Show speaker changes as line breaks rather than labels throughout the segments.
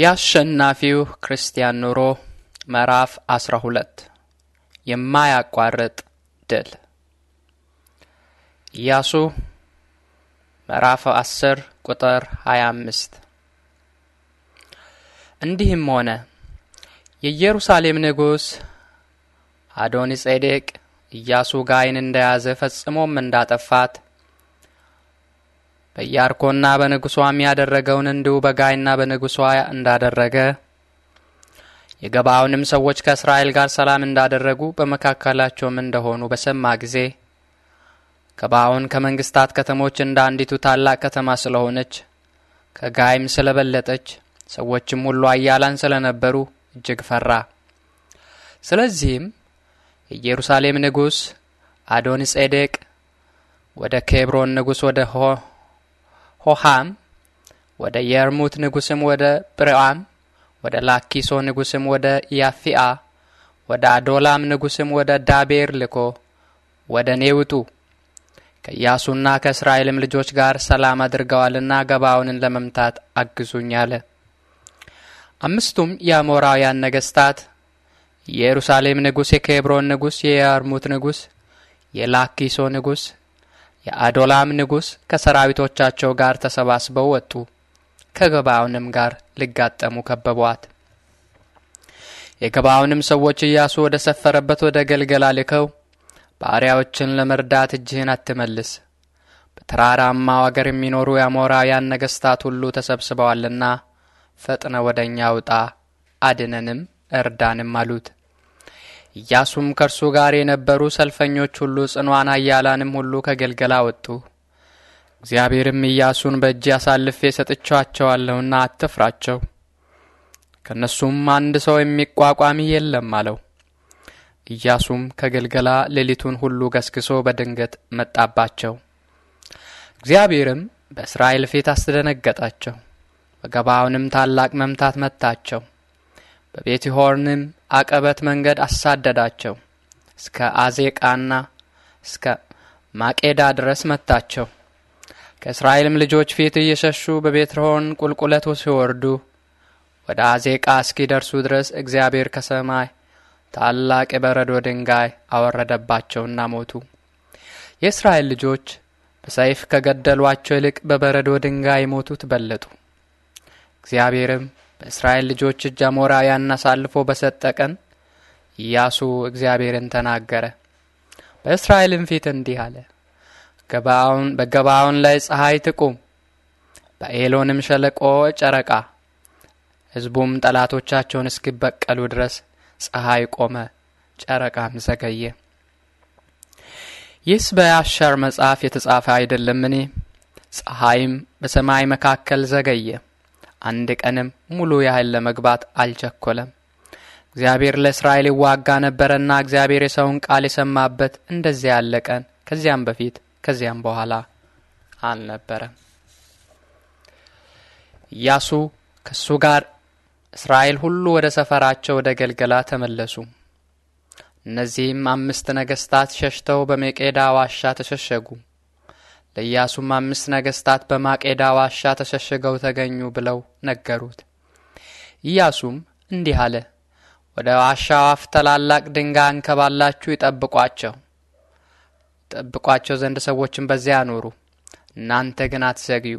የአሸናፊው ክርስቲያን ኑሮ ምዕራፍ 12 የማያቋርጥ ድል ኢያሱ ምዕራፍ 10 ቁጥር 25 እንዲህም ሆነ የኢየሩሳሌም ንጉሥ አዶኒ ጼዴቅ ኢያሱ ጋይን እንደያዘ ፈጽሞም እንዳጠፋት በኢያሪኮና በንጉሷም ያደረገውን እንዲሁ በጋይና በንጉሷ እንዳደረገ የገባውንም ሰዎች ከእስራኤል ጋር ሰላም እንዳደረጉ በመካከላቸውም እንደሆኑ በሰማ ጊዜ ገባዖን ከመንግስታት ከተሞች እንደ አንዲቱ ታላቅ ከተማ ስለሆነች ከጋይም ስለበለጠች ሰዎችም ሁሉ አያላን ስለነበሩ እጅግ ፈራ። ስለዚህም የኢየሩሳሌም ንጉሥ አዶኒ ጼዴቅ ወደ ኬብሮን ንጉሥ ወደ ሆ ሆሃም ወደ የርሙት ንጉስም ወደ ብርዓም ወደ ላኪሶ ንጉስም ወደ ያፊአ ወደ አዶላም ንጉስም ወደ ዳቤር ልኮ ወደ እኔ ውጡ ከኢያሱና ከእስራኤልም ልጆች ጋር ሰላም አድርገዋልና ገባውንን ለመምታት አግዙኝ አለ። አምስቱም የአሞራውያን ነገስታት የኢየሩሳሌም ንጉስ፣ የኬብሮን ንጉስ፣ የያርሙት ንጉስ፣ የላኪሶ ንጉስ፣ የአዶላም ንጉሥ ከሰራዊቶቻቸው ጋር ተሰባስበው ወጡ። ከገባውንም ጋር ሊጋጠሙ ከበቧት። የገባውንም ሰዎች እያሱ ወደ ሰፈረበት ወደ ገልገላ ልከው ባሪያዎችን ለመርዳት እጅህን አትመልስ፣ በተራራማው አገር የሚኖሩ የአሞራውያን ነገሥታት ሁሉ ተሰብስበዋልና ፈጥነ ወደ እኛ ውጣ፣ አድነንም እርዳንም አሉት። ኢያሱም ከእርሱ ጋር የነበሩ ሰልፈኞች ሁሉ ጽኗን አያላንም ሁሉ ከገልገላ ወጡ። እግዚአብሔርም ኢያሱን በእጅ አሳልፌ ሰጥቻቸዋለሁና አትፍራቸው፣ ከእነሱም አንድ ሰው የሚቋቋም የለም አለው። ኢያሱም ከገልገላ ሌሊቱን ሁሉ ገስግሶ በድንገት መጣባቸው። እግዚአብሔርም በእስራኤል ፊት አስደነገጣቸው። በገባውንም ታላቅ መምታት መታቸው። በቤትሆርንም አቀበት መንገድ አሳደዳቸው። እስከ አዜቃና እስከ ማቄዳ ድረስ መታቸው። ከእስራኤልም ልጆች ፊት እየሸሹ በቤትርሆን ቁልቁለቱ ሲወርዱ ወደ አዜቃ እስኪደርሱ ድረስ እግዚአብሔር ከሰማይ ታላቅ የበረዶ ድንጋይ አወረደባቸውና ሞቱ። የእስራኤል ልጆች በሰይፍ ከገደሏቸው ይልቅ በበረዶ ድንጋይ የሞቱት በለጡ። እግዚአብሔርም በእስራኤል ልጆች እጅ አሞራውያንን አሳልፎ በሰጠ ቀን ኢያሱ እግዚአብሔርን ተናገረ። በእስራኤልም ፊት እንዲህ አለ፣ በገባዖን ላይ ፀሐይ ትቁም፣ በኤሎንም ሸለቆ ጨረቃ። ሕዝቡም ጠላቶቻቸውን እስኪበቀሉ ድረስ ፀሐይ ቆመ፣ ጨረቃም ዘገየ። ይህስ በአሻር መጽሐፍ የተጻፈ አይደለምን? ፀሐይም በሰማይ መካከል ዘገየ። አንድ ቀንም ሙሉ ያህል ለመግባት አልቸኮለም። እግዚአብሔር ለእስራኤል ይዋጋ ነበረና እግዚአብሔር የሰውን ቃል የሰማበት እንደዚያ ያለ ቀን ከዚያም በፊት ከዚያም በኋላ አልነበረም። ኢያሱ ከእሱ ጋር እስራኤል ሁሉ ወደ ሰፈራቸው ወደ ገልገላ ተመለሱ። እነዚህም አምስት ነገሥታት ሸሽተው በመቄዳ ዋሻ ተሸሸጉ። ለኢያሱም አምስት ነገሥታት በማቄዳ ዋሻ ተሸሽገው ተገኙ ብለው ነገሩት። ኢያሱም እንዲህ አለ፣ ወደ ዋሻው አፍ ታላላቅ ድንጋይ አንከባላችሁ ይጠብቋቸው ጠብቋቸው ዘንድ ሰዎችን በዚያ አኖሩ። እናንተ ግን አትዘግዩ፣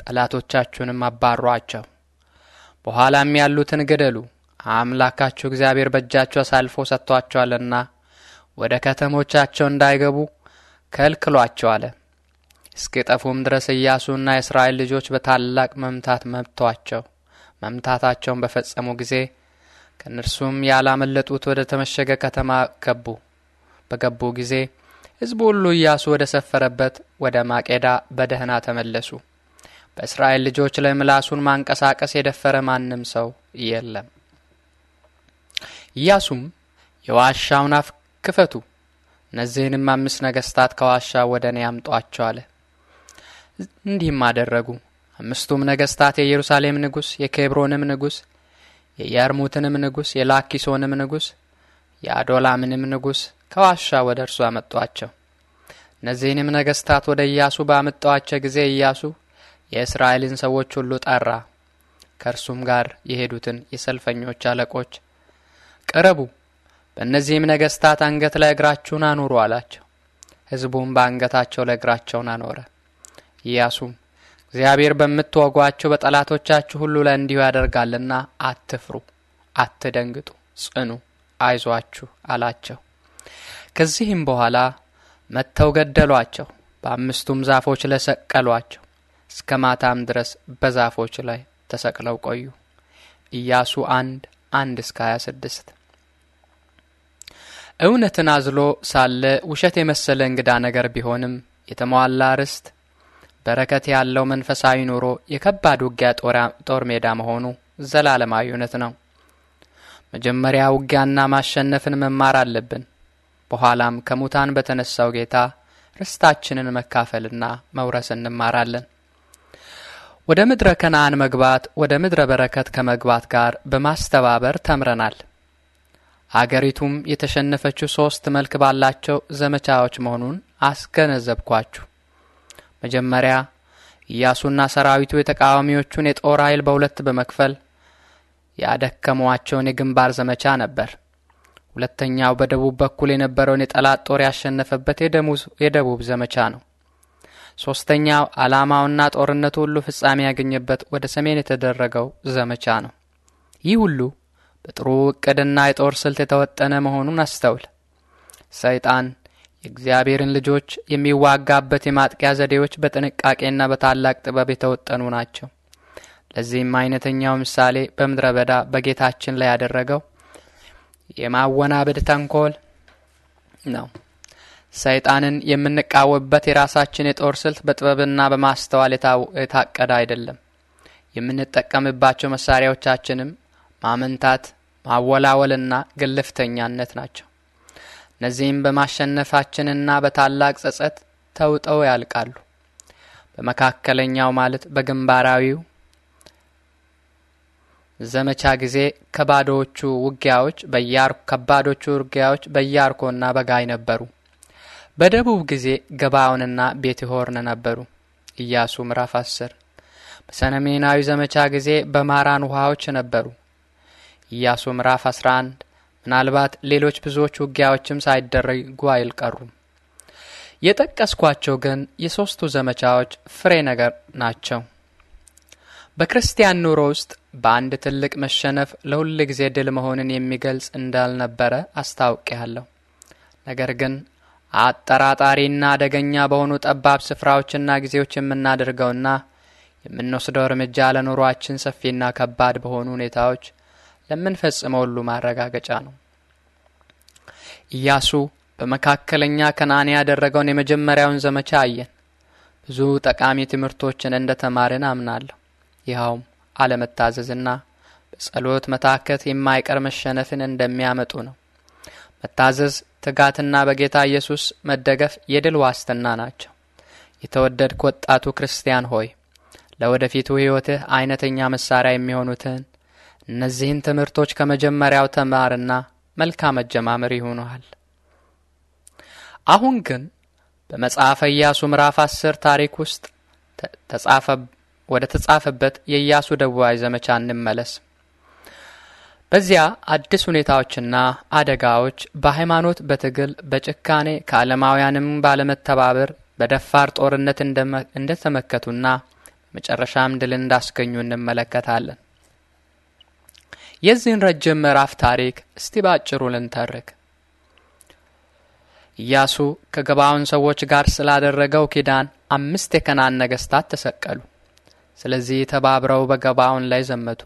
ጠላቶቻችሁንም አባሯቸው፣ በኋላም ያሉትን ግደሉ። አምላካችሁ እግዚአብሔር በእጃችሁ አሳልፎ ሰጥቷቸዋልና ወደ ከተሞቻቸው እንዳይገቡ ከልክሏቸው አለ። እስኪ ጠፉም ድረስ ኢያሱና የእስራኤል ልጆች በታላቅ መምታት መብቷቸው መምታታቸውን በፈጸሙ ጊዜ ከእነርሱም ያላመለጡት ወደ ተመሸገ ከተማ ገቡ። በገቡ ጊዜ ሕዝቡ ሁሉ ኢያሱ ወደ ሰፈረበት ወደ ማቄዳ በደህና ተመለሱ። በእስራኤል ልጆች ላይ ምላሱን ማንቀሳቀስ የደፈረ ማንም ሰው የለም። ኢያሱም የዋሻውን አፍ ክፈቱ፣ እነዚህንም አምስት ነገሥታት ከዋሻ ወደ እኔ አምጧቸው አለ። እንዲህም አደረጉ። አምስቱም ነገስታት የኢየሩሳሌም ንጉሥ፣ የኬብሮንም ንጉሥ፣ የያርሙትንም ንጉሥ፣ የላኪሶንም ንጉሥ፣ የአዶላምንም ንጉሥ ከዋሻ ወደ እርሱ አመጧቸው። እነዚህንም ነገስታት ወደ ኢያሱ ባመጣዋቸው ጊዜ ኢያሱ የእስራኤልን ሰዎች ሁሉ ጠራ። ከእርሱም ጋር የሄዱትን የሰልፈኞች አለቆች ቅረቡ፣ በእነዚህም ነገስታት አንገት ላይ እግራችሁን አኑሩ አላቸው። ሕዝቡም በአንገታቸው ላይ እግራቸውን አኖረ። ኢያሱም እግዚአብሔር በምትወጓቸው በጠላቶቻችሁ ሁሉ ላይ እንዲሁ ያደርጋልና አትፍሩ፣ አትደንግጡ፣ ጽኑ፣ አይዟችሁ አላቸው። ከዚህም በኋላ መጥተው ገደሏቸው፣ በአምስቱም ዛፎች ላይ ሰቀሏቸው። እስከ ማታም ድረስ በዛፎች ላይ ተሰቅለው ቆዩ። ኢያሱ አንድ አንድ እስከ 26 እውነትን አዝሎ ሳለ ውሸት የመሰለ እንግዳ ነገር ቢሆንም የተሟላ ርስት በረከት ያለው መንፈሳዊ ኑሮ የከባድ ውጊያ ጦር ሜዳ መሆኑ ዘላለማዊ እውነት ነው። መጀመሪያ ውጊያና ማሸነፍን መማር አለብን። በኋላም ከሙታን በተነሳው ጌታ ርስታችንን መካፈልና መውረስ እንማራለን። ወደ ምድረ ከነአን መግባት ወደ ምድረ በረከት ከመግባት ጋር በማስተባበር ተምረናል። አገሪቱም የተሸነፈችው ሶስት መልክ ባላቸው ዘመቻዎች መሆኑን አስገነዘብኳችሁ። መጀመሪያ ኢያሱና ሰራዊቱ የተቃዋሚዎቹን የጦር ኃይል በሁለት በመክፈል ያደከሟቸውን የግንባር ዘመቻ ነበር። ሁለተኛው በደቡብ በኩል የነበረውን የጠላት ጦር ያሸነፈበት የደቡብ ዘመቻ ነው። ሶስተኛው ዓላማውና ጦርነቱ ሁሉ ፍጻሜ ያገኘበት ወደ ሰሜን የተደረገው ዘመቻ ነው። ይህ ሁሉ በጥሩ እቅድና የጦር ስልት የተወጠነ መሆኑን አስተውል። ሰይጣን የእግዚአብሔርን ልጆች የሚዋጋበት የማጥቂያ ዘዴዎች በጥንቃቄና በታላቅ ጥበብ የተወጠኑ ናቸው። ለዚህም አይነተኛው ምሳሌ በምድረ በዳ በጌታችን ላይ ያደረገው የማወናበድ ተንኮል ነው። ሰይጣንን የምንቃወምበት የራሳችን የጦር ስልት በጥበብና በማስተዋል የታቀደ አይደለም። የምንጠቀምባቸው መሳሪያዎቻችንም ማመንታት፣ ማወላወልና ግልፍተኛነት ናቸው። እነዚህም በማሸነፋችንና በታላቅ ጸጸት ተውጠው ያልቃሉ። በመካከለኛው ማለት በግንባራዊው ዘመቻ ጊዜ ከባዶቹ ውጊያዎች ከባዶቹ ውጊያዎች በያርኮና በጋይ ነበሩ። በደቡብ ጊዜ ገባዖንና ቤትሆርን ነበሩ። ኢያሱ ምዕራፍ 10 በሰሜናዊ ዘመቻ ጊዜ በማራን ውሃዎች ነበሩ። ኢያሱ ምዕራፍ 11 ምናልባት ሌሎች ብዙዎች ውጊያዎችም ሳይደረጉ አይልቀሩም። የጠቀስኳቸው ግን የሦስቱ ዘመቻዎች ፍሬ ነገር ናቸው። በክርስቲያን ኑሮ ውስጥ በአንድ ትልቅ መሸነፍ ለሁል ጊዜ ድል መሆንን የሚገልጽ እንዳልነበረ አስታውቄያለሁ። ነገር ግን አጠራጣሪና አደገኛ በሆኑ ጠባብ ስፍራዎችና ጊዜዎች የምናደርገውና የምንወስደው እርምጃ ለኑሯችን ሰፊና ከባድ በሆኑ ሁኔታዎች ለምንፈጽመው ሁሉ ማረጋገጫ ነው። ኢያሱ በመካከለኛ ከነዓን ያደረገውን የመጀመሪያውን ዘመቻ አየን። ብዙ ጠቃሚ ትምህርቶችን እንደ ተማርን አምናለሁ። ይኸውም አለመታዘዝና በጸሎት መታከት የማይቀር መሸነፍን እንደሚያመጡ ነው። መታዘዝ፣ ትጋትና በጌታ ኢየሱስ መደገፍ የድል ዋስትና ናቸው። የተወደድክ ወጣቱ ክርስቲያን ሆይ ለወደፊቱ ሕይወትህ አይነተኛ መሳሪያ የሚሆኑትን እነዚህን ትምህርቶች ከመጀመሪያው ተማርና መልካም መጀማመር ይሆነሃል። አሁን ግን በመጽሐፈ ኢያሱ ምዕራፍ አስር ታሪክ ውስጥ ተጻፈ ወደ ተጻፈበት የኢያሱ ደቡባዊ ዘመቻ እንመለስ። በዚያ አዲስ ሁኔታዎችና አደጋዎች በሃይማኖት፣ በትግል፣ በጭካኔ ከዓለማውያንም ባለመተባበር በደፋር ጦርነት እንደተመከቱና መጨረሻም ድልን እንዳስገኙ እንመለከታለን። የዚህን ረጅም ምዕራፍ ታሪክ እስቲ ባጭሩ ልንተርክ። ኢያሱ ከገባዖን ሰዎች ጋር ስላደረገው ኪዳን አምስት የከናን ነገሥታት ተሰቀሉ። ስለዚህ ተባብረው በገባዖን ላይ ዘመቱ።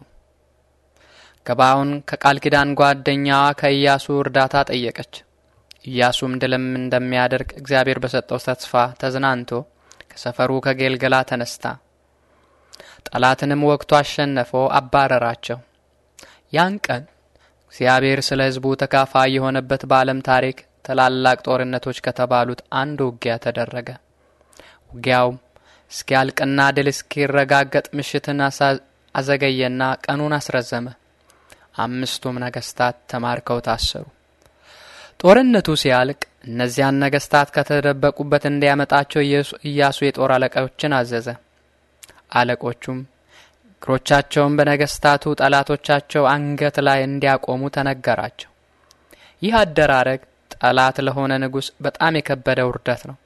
ገባዖን ከቃል ኪዳን ጓደኛዋ ከኢያሱ እርዳታ ጠየቀች። ኢያሱም ድልም እንደሚያደርግ እግዚአብሔር በሰጠው ተስፋ ተዝናንቶ ከሰፈሩ ከጌልገላ ተነስታ ጠላትንም ወቅቱ አሸነፈው፣ አባረራቸው። ያን ቀን እግዚአብሔር ስለ ሕዝቡ ተካፋይ የሆነበት በዓለም ታሪክ ትላላቅ ጦርነቶች ከተባሉት አንድ ውጊያ ተደረገ። ውጊያውም እስኪያልቅና ድል እስኪረጋገጥ ምሽትን አዘገየና ቀኑን አስረዘመ። አምስቱም ነገስታት ተማርከው ታሰሩ። ጦርነቱ ሲያልቅ እነዚያን ነገስታት ከተደበቁበት እንዲያመጣቸው ኢያሱ የጦር አለቃዎችን አዘዘ። አለቆቹም እግሮቻቸውን በነገስታቱ ጠላቶቻቸው አንገት ላይ እንዲያቆሙ ተነገራቸው። ይህ አደራረግ ጠላት ለሆነ ንጉሥ በጣም የከበደ ውርደት ነው።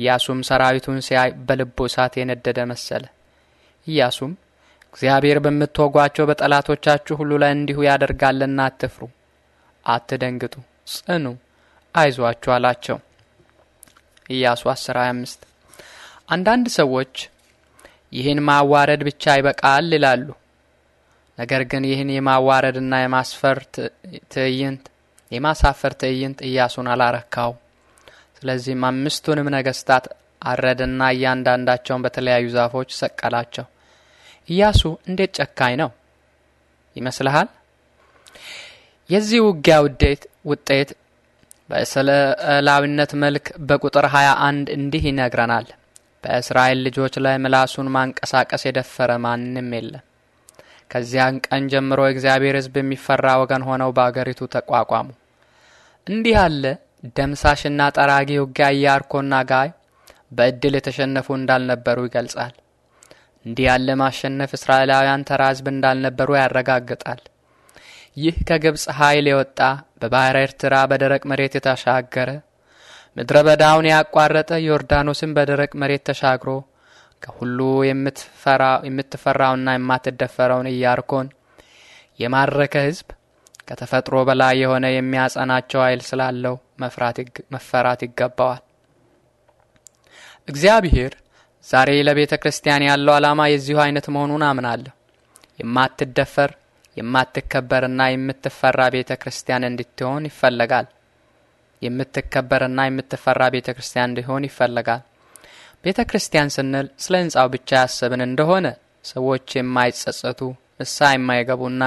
ኢያሱም ሰራዊቱን ሲያይ በልቡ እሳት የነደደ መሰለ። ኢያሱም እግዚአብሔር በምትወጓቸው በጠላቶቻችሁ ሁሉ ላይ እንዲሁ ያደርጋልና አትፍሩ፣ አትደንግጡ፣ ጽኑ፣ አይዟችሁ አላቸው። ኢያሱ 10 አንዳንድ ሰዎች ይህን ማዋረድ ብቻ ይበቃል ይላሉ። ነገር ግን ይህን የማዋረድና የማስፈር ትዕይንት የማሳፈር ትዕይንት ኢያሱን አላረካው። ስለዚህም አምስቱንም ነገስታት አረደና እያንዳንዳቸውን በተለያዩ ዛፎች ሰቀላቸው። ኢያሱ እንዴት ጨካኝ ነው ይመስልሃል? የዚህ ውጊያ ውጤት ውጤት በእስራኤላዊነት መልክ በቁጥር 21 እንዲህ ይነግረናል። በእስራኤል ልጆች ላይ ምላሱን ማንቀሳቀስ የደፈረ ማንም የለም። ከዚያን ቀን ጀምሮ እግዚአብሔር ሕዝብ የሚፈራ ወገን ሆነው በአገሪቱ ተቋቋሙ። እንዲህ ያለ ደምሳሽና ጠራጊ ውጊያ ኢያሪኮና ጋይ በእድል የተሸነፉ እንዳልነበሩ ይገልጻል። እንዲህ ያለ ማሸነፍ እስራኤላውያን ተራ ሕዝብ እንዳልነበሩ ያረጋግጣል። ይህ ከግብፅ ኃይል የወጣ በባሕረ ኤርትራ በደረቅ መሬት የተሻገረ ምድረ በዳውን ያቋረጠ ዮርዳኖስን በደረቅ መሬት ተሻግሮ ከሁሉ የምትፈራውና የማትደፈረውን ኢያሪኮን የማረከ ሕዝብ ከተፈጥሮ በላይ የሆነ የሚያጸናቸው ኃይል ስላለው መፈራት ይገባዋል። እግዚአብሔር ዛሬ ለቤተ ክርስቲያን ያለው ዓላማ የዚሁ አይነት መሆኑን አምናለሁ። የማትደፈር የማትከበርና የምትፈራ ቤተ ክርስቲያን እንድትሆን ይፈለጋል። የምትከበርና የምትፈራ ቤተ ክርስቲያን እንዲሆን ይፈለጋል። ቤተ ክርስቲያን ስንል ስለ ሕንፃው ብቻ ያስብን እንደሆነ ሰዎች የማይጸጸቱ ንስሐ የማይገቡና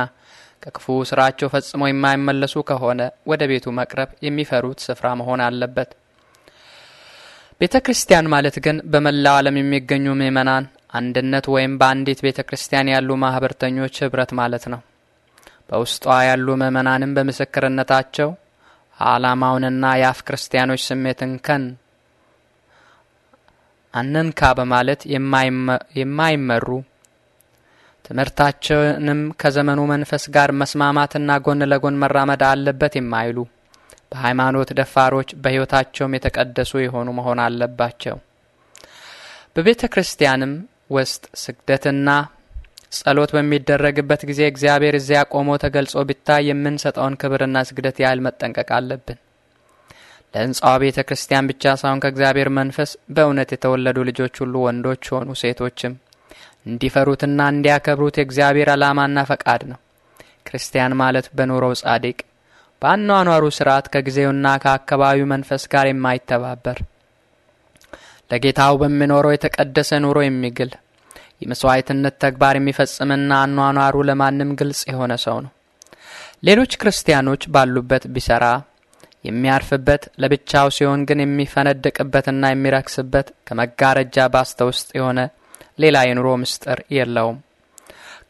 ከክፉ ስራቸው ፈጽሞ የማይመለሱ ከሆነ ወደ ቤቱ መቅረብ የሚፈሩት ስፍራ መሆን አለበት። ቤተ ክርስቲያን ማለት ግን በመላው ዓለም የሚገኙ ምዕመናን አንድነት ወይም በአንዲት ቤተ ክርስቲያን ያሉ ማኅበርተኞች ኅብረት ማለት ነው። በውስጧ ያሉ ምእመናንም በምስክርነታቸው ዓላማውንና የአፍ ክርስቲያኖች ስሜትን ከን አነንካ በማለት የማይመሩ ትምህርታችንም ከዘመኑ መንፈስ ጋር መስማማትና ጎን ለጎን መራመድ አለበት የማይሉ በሃይማኖት ደፋሮች በሕይወታቸውም የተቀደሱ የሆኑ መሆን አለባቸው። በቤተ ክርስቲያንም ውስጥ ስግደትና ጸሎት በሚደረግበት ጊዜ እግዚአብሔር እዚያ ቆሞ ተገልጾ ቢታይ የምንሰጠውን ክብርና ስግደት ያህል መጠንቀቅ አለብን። ለሕንፃዋ ቤተ ክርስቲያን ብቻ ሳይሆን ከእግዚአብሔር መንፈስ በእውነት የተወለዱ ልጆች ሁሉ ወንዶች ሆኑ ሴቶችም እንዲፈሩትና እንዲያከብሩት የእግዚአብሔር ዓላማና ፈቃድ ነው። ክርስቲያን ማለት በኑሮው ጻድቅ፣ በአኗኗሩ ስርዓት ከጊዜውና ከአካባቢው መንፈስ ጋር የማይተባበር ለጌታው በሚኖረው የተቀደሰ ኑሮ የሚግል የመሥዋዕትነት ተግባር የሚፈጽምና አኗኗሩ ለማንም ግልጽ የሆነ ሰው ነው። ሌሎች ክርስቲያኖች ባሉበት ቢሰራ የሚያርፍበት ለብቻው ሲሆን ግን የሚፈነድቅበትና የሚረክስበት ከመጋረጃ ባስተ ውስጥ የሆነ ሌላ የኑሮ ምስጢር የለውም።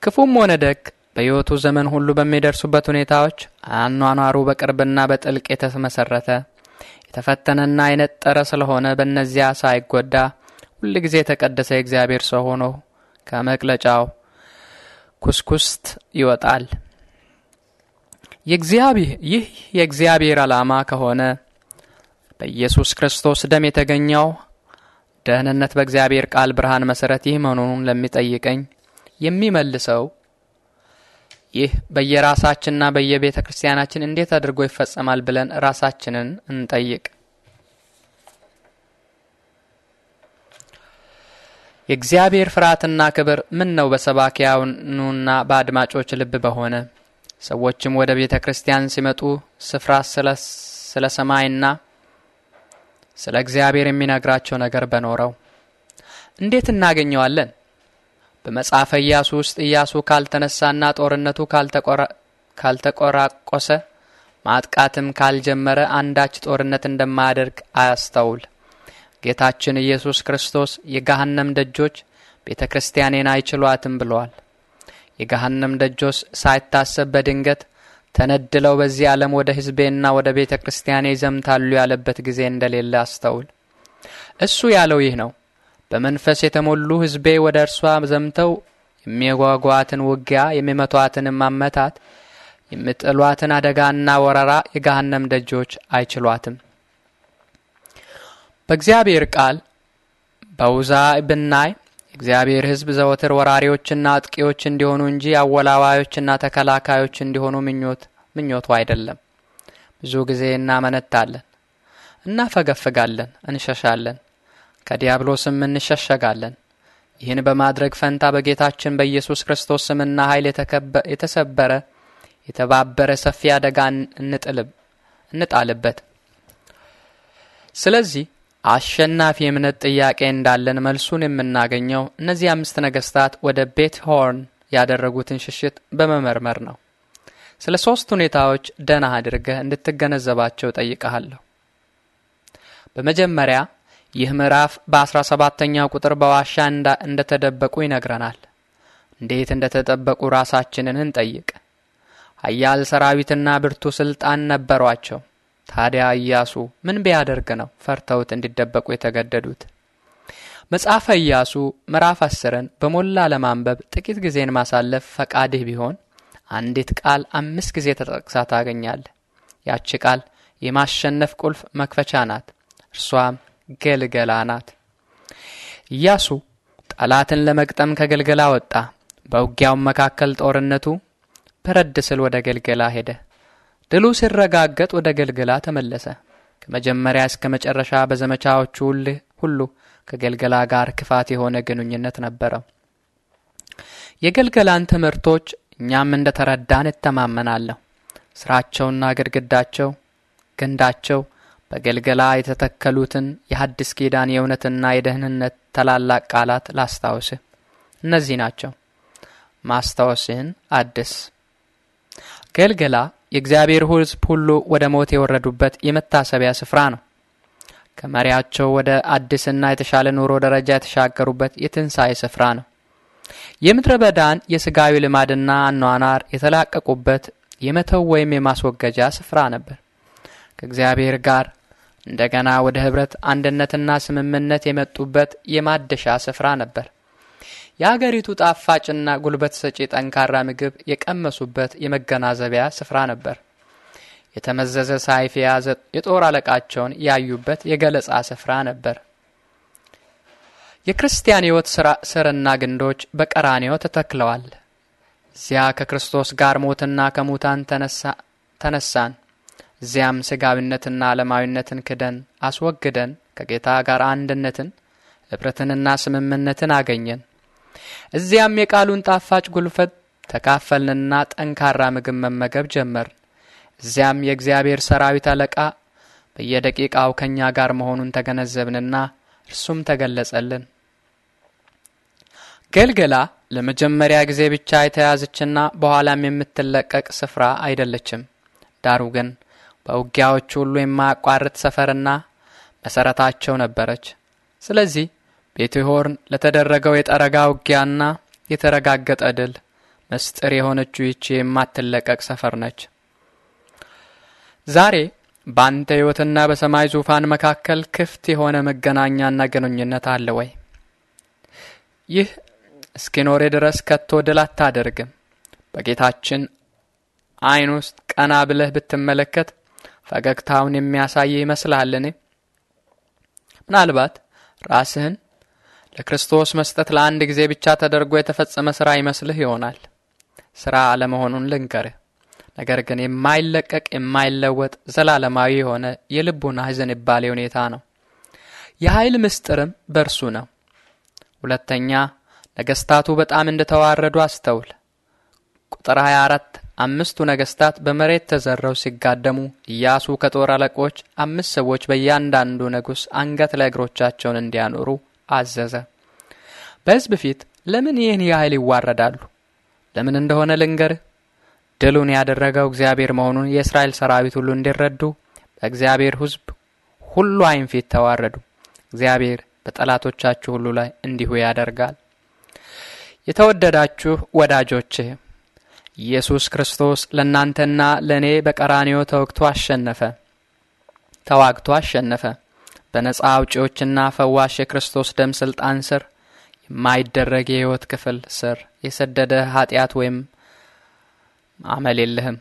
ክፉም ሆነ ደግ በሕይወቱ ዘመን ሁሉ በሚደርሱበት ሁኔታዎች አኗኗሩ በቅርብና በጥልቅ የተመሠረተ የተፈተነና የነጠረ ስለሆነ በእነዚያ ሳይጎዳ ሁልጊዜ የተቀደሰ የእግዚአብሔር ሰው ሆኖ ከመቅለጫው ኩስኩስት ይወጣል። ይህ የእግዚአብሔር ዓላማ ከሆነ በኢየሱስ ክርስቶስ ደም የተገኘው ደህንነት በእግዚአብሔር ቃል ብርሃን መሠረት ይህ መሆኑን ለሚጠይቀኝ የሚመልሰው ይህ በየራሳችንና በየቤተ ክርስቲያናችን እንዴት አድርጎ ይፈጸማል ብለን ራሳችንን እንጠይቅ። የእግዚአብሔር ፍርሃትና ክብር ምን ነው በሰባኪያኑና በአድማጮች ልብ በሆነ። ሰዎችም ወደ ቤተ ክርስቲያን ሲመጡ ስፍራ ስለ ሰማይና ስለ እግዚአብሔር የሚነግራቸው ነገር በኖረው እንዴት እናገኘዋለን? በመጽሐፈ ኢያሱ ውስጥ ኢያሱ ካልተነሳና ጦርነቱ ካልተቆራቆሰ ማጥቃትም ካልጀመረ አንዳች ጦርነት እንደማያደርግ አያስተውል ጌታችን ኢየሱስ ክርስቶስ የገሃነም ደጆች ቤተ ክርስቲያኔን አይችሏትም ብለዋል። የገሃነም ደጆች ሳይታሰብ በድንገት ተነድለው በዚህ ዓለም ወደ ሕዝቤና ወደ ቤተ ክርስቲያኔ ይዘምታሉ ያለበት ጊዜ እንደሌለ አስተውል። እሱ ያለው ይህ ነው። በመንፈስ የተሞሉ ሕዝቤ ወደ እርሷ ዘምተው የሚጓጓትን ውጊያ የሚመቷትን ማመታት የሚጥሏትን አደጋና ወረራ የገሃነም ደጆች አይችሏትም። በእግዚአብሔር ቃል በውዛ ብናይ እግዚአብሔር ሕዝብ ዘወትር ወራሪዎችና አጥቂዎች እንዲሆኑ እንጂ አወላዋዮችና ተከላካዮች እንዲሆኑ ምኞት ምኞቱ አይደለም። ብዙ ጊዜ እናመነታለን፣ እናፈገፍጋለን፣ እንሸሻለን፣ ከዲያብሎስም እንሸሸጋለን። ይህን በማድረግ ፈንታ በጌታችን በኢየሱስ ክርስቶስ ስምና ኃይል የተሰበረ የተባበረ ሰፊ አደጋ እንጥልብ እንጣልበት። ስለዚህ አሸናፊ የእምነት ጥያቄ እንዳለን መልሱን የምናገኘው እነዚህ አምስት ነገስታት ወደ ቤት ሆርን ያደረጉትን ሽሽት በመመርመር ነው። ስለ ሶስት ሁኔታዎች ደህና አድርገህ እንድትገነዘባቸው ጠይቀሃለሁ። በመጀመሪያ ይህ ምዕራፍ በአስራ ሰባተኛው ቁጥር በዋሻ እንደተደበቁ ይነግረናል። እንዴት እንደተጠበቁ ራሳችንን እንጠይቅ። ኃያል ሰራዊትና ብርቱ ስልጣን ነበሯቸው። ታዲያ ኢያሱ ምን ቢያደርግ ነው ፈርተውት እንዲደበቁ የተገደዱት? መጽሐፈ ኢያሱ ምዕራፍ አስርን በሞላ ለማንበብ ጥቂት ጊዜን ማሳለፍ ፈቃድህ ቢሆን አንዲት ቃል አምስት ጊዜ ተጠቅሳ ታገኛለህ። ያቺ ቃል የማሸነፍ ቁልፍ መክፈቻ ናት። እርሷም ገልገላ ናት። ኢያሱ ጠላትን ለመግጠም ከገልገላ ወጣ። በውጊያውም መካከል ጦርነቱ በረድ ስል ወደ ገልገላ ሄደ። ድሉ ሲረጋገጥ ወደ ገልገላ ተመለሰ። ከመጀመሪያ እስከ መጨረሻ በዘመቻዎቹ ሁሉ ከገልገላ ጋር ክፋት የሆነ ግንኙነት ነበረው። የገልገላን ትምህርቶች እኛም እንደ ተረዳን እተማመናለሁ። ስራቸውና ግድግዳቸው ግንዳቸው በገልገላ የተተከሉትን የሐዲስ ኪዳን የእውነትና የደህንነት ታላላቅ ቃላት ላስታወስ እነዚህ ናቸው። ማስታወስህን አድስ። ገልገላ የእግዚአብሔር ሕዝብ ሁሉ ወደ ሞት የወረዱበት የመታሰቢያ ስፍራ ነው። ከመሪያቸው ወደ አዲስና የተሻለ ኑሮ ደረጃ የተሻገሩበት የትንሣኤ ስፍራ ነው። የምድረ በዳን የሥጋዊ ልማድና አኗኗር የተላቀቁበት የመተው ወይም የማስወገጃ ስፍራ ነበር። ከእግዚአብሔር ጋር እንደገና ወደ ኅብረት አንድነትና ስምምነት የመጡበት የማደሻ ስፍራ ነበር። የአገሪቱ ጣፋጭና ጉልበት ሰጪ ጠንካራ ምግብ የቀመሱበት የመገናዘቢያ ስፍራ ነበር። የተመዘዘ ሳይፍ የያዘ የጦር አለቃቸውን ያዩበት የገለጻ ስፍራ ነበር። የክርስቲያን ሕይወት ስርና ግንዶች በቀራንዮ ተተክለዋል። እዚያ ከክርስቶስ ጋር ሞትና ከሙታን ተነሳን። እዚያም ስጋዊነትና ዓለማዊነትን ክደን አስወግደን ከጌታ ጋር አንድነትን፣ ኅብረትንና ስምምነትን አገኘን። እዚያም የቃሉን ጣፋጭ ጉልፈት ተካፈልንና ጠንካራ ምግብ መመገብ ጀመር። እዚያም የእግዚአብሔር ሰራዊት አለቃ በየደቂቃው ከእኛ ጋር መሆኑን ተገነዘብንና እርሱም ተገለጸልን። ገልገላ ለመጀመሪያ ጊዜ ብቻ የተያዘችና በኋላም የምትለቀቅ ስፍራ አይደለችም። ዳሩ ግን በውጊያዎች ሁሉ የማያቋርጥ ሰፈርና መሰረታቸው ነበረች። ስለዚህ ቤትሆርን ለተደረገው የጠረጋ ውጊያና የተረጋገጠ ድል ምስጢር የሆነችው ይቺ የማትለቀቅ ሰፈር ነች። ዛሬ በአንተ ሕይወትና በሰማይ ዙፋን መካከል ክፍት የሆነ መገናኛና ግንኙነት አለ ወይ? ይህ እስኪኖሬ ድረስ ከቶ ድል አታደርግም። በጌታችን ዓይን ውስጥ ቀና ብለህ ብትመለከት ፈገግታውን የሚያሳይ ይመስልሃልን? ምናልባት ራስህን ለክርስቶስ መስጠት ለአንድ ጊዜ ብቻ ተደርጎ የተፈጸመ ሥራ ይመስልህ ይሆናል። ሥራ አለመሆኑን ልንገርህ። ነገር ግን የማይለቀቅ የማይለወጥ ዘላለማዊ የሆነ የልቡና ዝንባሌ ሁኔታ ነው። የኃይል ምስጢርም በእርሱ ነው። ሁለተኛ ነገስታቱ በጣም እንደተዋረዱ አስተውል። ቁጥር 24 አምስቱ ነገስታት በመሬት ተዘረው ሲጋደሙ ኢያሱ ከጦር አለቆች አምስት ሰዎች በእያንዳንዱ ንጉሥ አንገት ላይ እግሮቻቸውን እንዲያኖሩ አዘዘ። በሕዝብ ፊት ለምን ይህን ያህል ይዋረዳሉ? ለምን እንደሆነ ልንገር። ድሉን ያደረገው እግዚአብሔር መሆኑን የእስራኤል ሰራዊት ሁሉ እንዲረዱ በእግዚአብሔር ሕዝብ ሁሉ ዓይን ፊት ተዋረዱ። እግዚአብሔር በጠላቶቻችሁ ሁሉ ላይ እንዲሁ ያደርጋል። የተወደዳችሁ ወዳጆቼ ኢየሱስ ክርስቶስ ለእናንተና ለእኔ በቀራንዮ ተወግቶ አሸነፈ ተዋግቶ አሸነፈ። በነጻ አውጪዎችና ፈዋሽ የክርስቶስ ደም ስልጣን ስር የማይደረግ የሕይወት ክፍል ስር የሰደደ ኃጢአት ወይም አመል የለህም።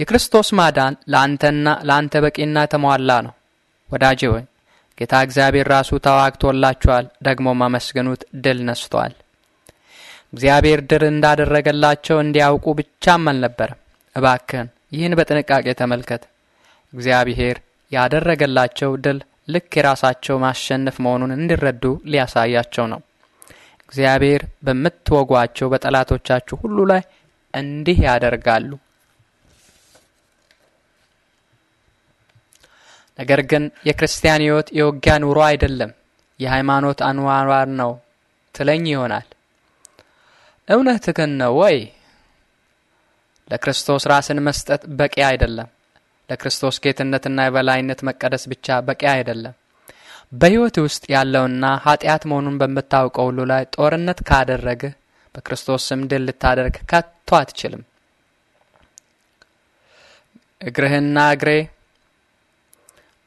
የክርስቶስ ማዳን ለአንተና ለአንተ በቂና የተሟላ ነው። ወዳጄ ሆይ ጌታ እግዚአብሔር ራሱ ተዋግቶላቸዋል፣ ደግሞም ማመስገኑት ድል ነስቷል። እግዚአብሔር ድል እንዳደረገላቸው እንዲያውቁ ብቻም አልነበረም። እባክህን ይህን በጥንቃቄ ተመልከት። እግዚአብሔር ያደረገላቸው ድል ልክ የራሳቸው ማሸነፍ መሆኑን እንዲረዱ ሊያሳያቸው ነው። እግዚአብሔር በምትወጓቸው በጠላቶቻችሁ ሁሉ ላይ እንዲህ ያደርጋሉ። ነገር ግን የክርስቲያን ሕይወት የውጊያ ኑሮ አይደለም፣ የሃይማኖት አኗኗር ነው ትለኝ ይሆናል። ግን ነው ወይ? ለክርስቶስ ራስን መስጠት በቂ አይደለም። ለክርስቶስ ጌትነትና የበላይነት መቀደስ ብቻ በቂ አይደለም። በሕይወት ውስጥ ያለውና ኃጢአት መሆኑን በምታውቀው ሁሉ ላይ ጦርነት ካደረግህ በክርስቶስ ስም ድል ልታደርግ ከቶ አትችልም። እግርህና እግሬ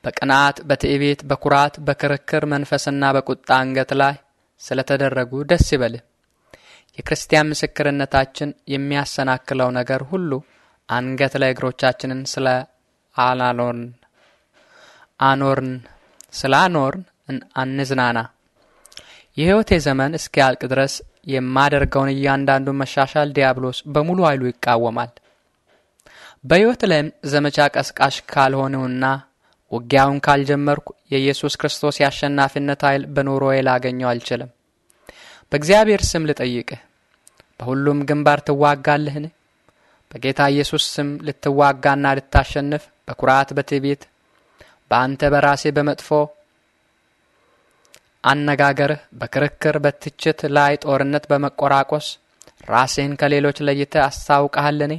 በቅናት፣ በትዕቢት፣ በኩራት፣ በክርክር መንፈስና በቁጣ አንገት ላይ ስለተደረጉ ደስ ይበልህ። የክርስቲያን ምስክርነታችን የሚያሰናክለው ነገር ሁሉ አንገት ላይ እግሮቻችንን ስለ አናኖርን አኖርን ስለ አኖርን አንዝናና። የሕይወቴ ዘመን እስኪያልቅ ድረስ የማደርገውን እያንዳንዱን መሻሻል ዲያብሎስ በሙሉ ኃይሉ ይቃወማል። በሕይወት ላይም ዘመቻ ቀስቃሽ ካልሆነውና ውጊያውን ካልጀመርኩ የኢየሱስ ክርስቶስ የአሸናፊነት ኃይል በኑሮዬ ላገኘው አልችልም። በእግዚአብሔር ስም ልጠይቅህ፣ በሁሉም ግንባር ትዋጋለህን? በጌታ ኢየሱስ ስም ልትዋጋና ልታሸንፍ በኩራት በትዕቢት በአንተ በራሴ በመጥፎ አነጋገርህ በክርክር በትችት ላይ ጦርነት በመቆራቆስ ራሴን ከሌሎች ለይተ አስታውቀሃልኔ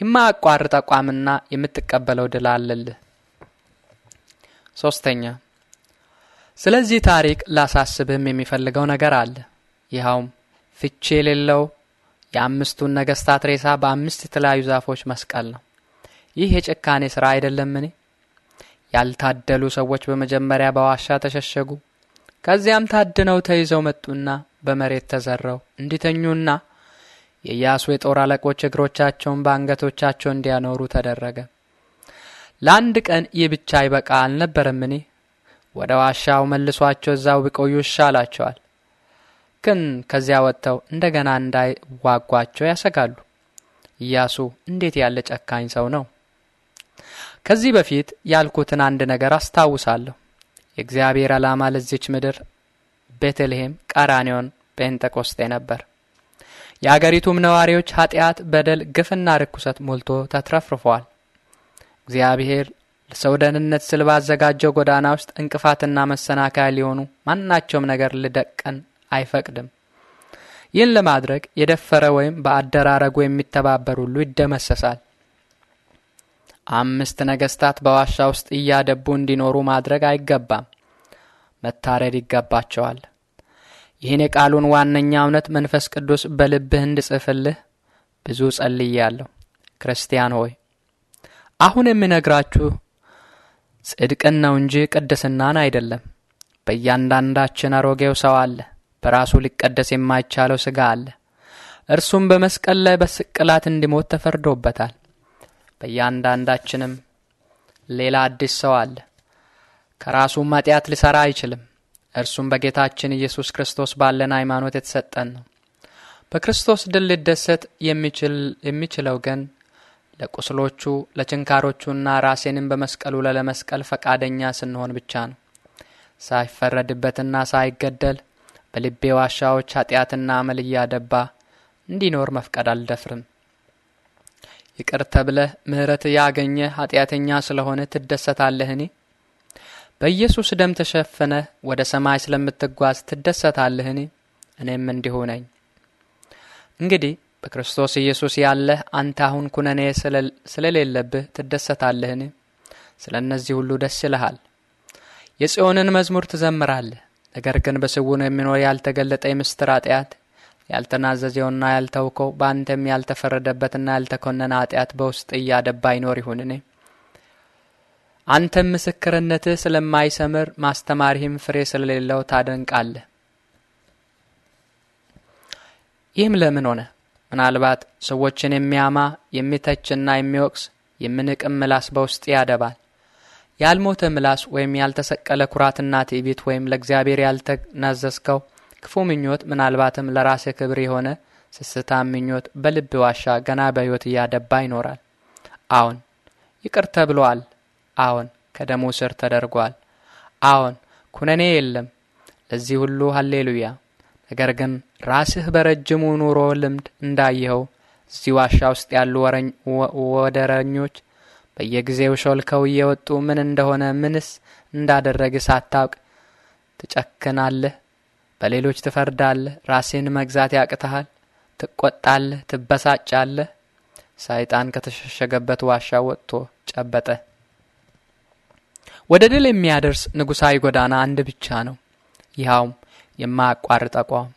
የማያቋርጥ አቋምና የምትቀበለው ድል አለልህ። ሶስተኛ ስለዚህ ታሪክ ላሳስብህም የሚፈልገው ነገር አለ። ይኸውም ፍቺ የሌለው የአምስቱን ነገስታት ሬሳ በአምስት የተለያዩ ዛፎች መስቀል ነው። ይህ የጭካኔ ሥራ አይደለምን? ያልታደሉ ሰዎች በመጀመሪያ በዋሻ ተሸሸጉ። ከዚያም ታድነው ተይዘው መጡና በመሬት ተዘረው እንዲተኙና የኢያሱ የጦር አለቆች እግሮቻቸውን በአንገቶቻቸው እንዲያኖሩ ተደረገ። ለአንድ ቀን ይህ ብቻ ይበቃ አልነበረም? ወደ ዋሻው መልሷቸው እዛው ቢቆዩ ይሻላቸዋል። ግን ከዚያ ወጥተው እንደገና እንዳይዋጓቸው ያሰጋሉ። ኢያሱ እንዴት ያለ ጨካኝ ሰው ነው! ከዚህ በፊት ያልኩትን አንድ ነገር አስታውሳለሁ። የእግዚአብሔር ዓላማ ለዚች ምድር ቤተልሔም፣ ቀራኒዮን፣ ጴንጠቆስጤ ነበር። የአገሪቱም ነዋሪዎች ኃጢአት፣ በደል፣ ግፍና ርኩሰት ሞልቶ ተትረፍርፏል። እግዚአብሔር ለሰው ደህንነት ስል ባዘጋጀው ጎዳና ውስጥ እንቅፋትና መሰናከያ ሊሆኑ ማናቸውም ነገር ልደቀን አይፈቅድም። ይህን ለማድረግ የደፈረ ወይም በአደራረጉ የሚተባበር ሁሉ ይደመሰሳል። አምስት ነገስታት በዋሻ ውስጥ እያደቡ እንዲኖሩ ማድረግ አይገባም፣ መታረድ ይገባቸዋል። ይህን የቃሉን ዋነኛ እውነት መንፈስ ቅዱስ በልብህ እንድጽፍልህ ብዙ ጸልያለሁ። ክርስቲያን ሆይ አሁን የምነግራችሁ ጽድቅን ነው እንጂ ቅድስናን አይደለም። በእያንዳንዳችን አሮጌው ሰው አለ። በራሱ ሊቀደስ የማይቻለው ሥጋ አለ። እርሱም በመስቀል ላይ በስቅላት እንዲሞት ተፈርዶበታል። በእያንዳንዳችንም ሌላ አዲስ ሰው አለ። ከራሱም ኃጢአት ሊሠራ አይችልም። እርሱም በጌታችን ኢየሱስ ክርስቶስ ባለን ሃይማኖት የተሰጠን ነው። በክርስቶስ ድል ሊደሰት የሚችለው ግን ለቁስሎቹ ለችንካሮቹና ራሴንም በመስቀሉ ለመስቀል ፈቃደኛ ስንሆን ብቻ ነው። ሳይፈረድበትና ሳይገደል በልቤ ዋሻዎች ኃጢአትና አመል እያደባ እንዲኖር መፍቀድ አልደፍርም። ይቅር ተብለህ ምሕረት ያገኘ ኃጢአተኛ ስለሆነ ትደሰታለህኔ? በኢየሱስ ደም ተሸፍነ ወደ ሰማይ ስለምትጓዝ ትደሰታለህኔ? እኔም እንዲሁ ነኝ። እንግዲህ በክርስቶስ ኢየሱስ ያለህ አንተ አሁን ኩነኔ ስለሌለብህ ትደሰታለህን? ስለ እነዚህ ሁሉ ደስ ይልሃል። የጽዮንን መዝሙር ትዘምራለህ። ነገር ግን በስውን የሚኖር ያልተገለጠ የምስጢር ኃጢአት ያልተናዘዘውና ያልተውከው በአንተም ያልተፈረደበትና ያልተኮነነ ኃጢአት በውስጥ እያደባ ይኖር ይሁንኔ። አንተም ምስክርነትህ ስለማይሰምር ማስተማሪህም ፍሬ ስለሌለው ታደንቃለህ። ይህም ለምን ሆነ? ምናልባት ሰዎችን የሚያማ የሚተችና የሚወቅስ የምንቅም ምላስ በውስጥ ያደባል። ያልሞተ ምላስ ወይም ያልተሰቀለ ኩራትና ትዕቢት ወይም ለእግዚአብሔር ያልተናዘዝከው ክፉ ምኞት ምናልባትም ለራሴ ክብር የሆነ ስስታም ምኞት በልብ ዋሻ ገና በሕይወት እያደባ ይኖራል። አዎን ይቅር ተብሏል። አዎን ከደሙ ስር ተደርጓል። አዎን ኩነኔ የለም። ለዚህ ሁሉ ሀሌሉያ። ነገር ግን ራስህ በረጅሙ ኑሮ ልምድ እንዳየኸው እዚህ ዋሻ ውስጥ ያሉ ወደረኞች በየጊዜው ሾልከው እየወጡ ምን እንደሆነ ምንስ እንዳደረግህ ሳታውቅ ትጨክናለህ፣ በሌሎች ትፈርዳለህ፣ ራሴን መግዛት ያቅትሃል፣ ትቆጣለህ፣ ትበሳጫለህ። ሰይጣን ከተሸሸገበት ዋሻ ወጥቶ ጨበጠ። ወደ ድል የሚያደርስ ንጉሣዊ ጎዳና አንድ ብቻ ነው። ይኸውም የማያቋርጥ አቋም፣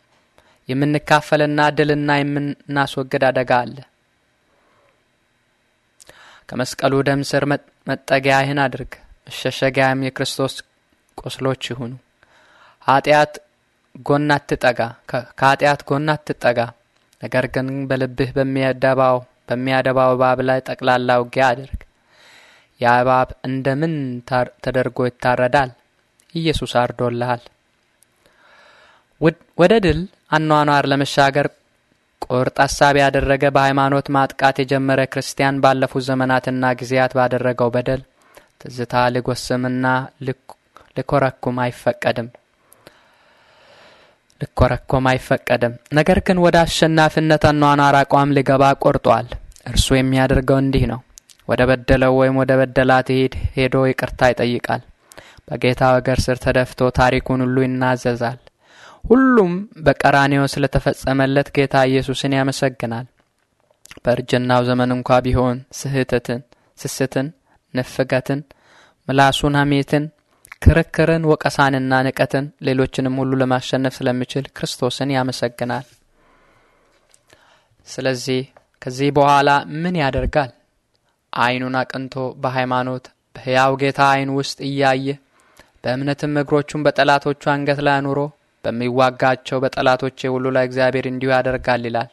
የምንካፈልና ድልና የምናስወግድ አደጋ አለ። ከመስቀሉ ደም ስር መጠጊያህን አድርግ፣ መሸሸጊያም የክርስቶስ ቁስሎች ይሁኑ። ኃጢአት ጎን አትጠጋ ከኃጢአት ጎን አትጠጋ፣ ነገር ግን በልብህ በሚያደባው በሚያደባው እባብ ላይ ጠቅላላ ውጊያ አድርግ። ያ እባብ እንደምን ተደርጎ ይታረዳል? ኢየሱስ አርዶልሃል። ወደ ድል አኗኗር ለመሻገር ቁርጥ ሀሳብ ያደረገ በሃይማኖት ማጥቃት የጀመረ ክርስቲያን ባለፉት ዘመናትና ጊዜያት ባደረገው በደል ትዝታ ልጎስምና ልኮረኩም አይፈቀድም ልኮረኮም አይፈቀድም። ነገር ግን ወደ አሸናፊነት አኗኗር አቋም ሊገባ ቆርጧል። እርሱ የሚያደርገው እንዲህ ነው። ወደ በደለው ወይም ወደ በደላት ሄድ ሄዶ ይቅርታ ይጠይቃል። በጌታ እግር ስር ተደፍቶ ታሪኩን ሁሉ ይናዘዛል። ሁሉም በቀራኔው ስለተፈጸመለት ጌታ ኢየሱስን ያመሰግናል። በእርጅናው ዘመን እንኳ ቢሆን ስህተትን፣ ስስትን፣ ንፍገትን፣ ምላሱን ሐሜትን፣ ክርክርን፣ ወቀሳንና ንቀትን ሌሎችንም ሁሉ ለማሸነፍ ስለሚችል ክርስቶስን ያመሰግናል። ስለዚህ ከዚህ በኋላ ምን ያደርጋል? ዓይኑን አቅንቶ በሃይማኖት በሕያው ጌታ ዓይን ውስጥ እያየ በእምነትም እግሮቹን በጠላቶቹ አንገት ላይ አኑሮ በሚዋጋቸው በጠላቶቼ ሁሉ ላይ እግዚአብሔር እንዲሁ ያደርጋል ይላል።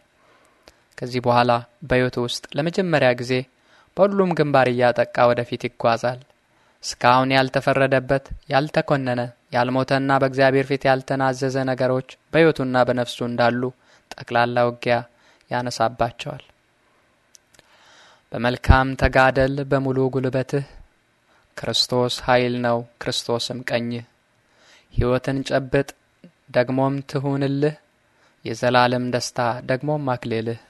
ከዚህ በኋላ በሕይወት ውስጥ ለመጀመሪያ ጊዜ በሁሉም ግንባር እያጠቃ ወደፊት ይጓዛል። እስካሁን ያልተፈረደበት ያልተኮነነ፣ ያልሞተና በእግዚአብሔር ፊት ያልተናዘዘ ነገሮች በሕይወቱና በነፍሱ እንዳሉ ጠቅላላ ውጊያ ያነሳባቸዋል። በመልካም ተጋደል በሙሉ ጉልበትህ፣ ክርስቶስ ኃይል ነው፣ ክርስቶስም ቀኝህ። ሕይወትን ጨብጥ ደግሞም ትሁንልህ የዘላለም ደስታ ደግሞም አክሊልህ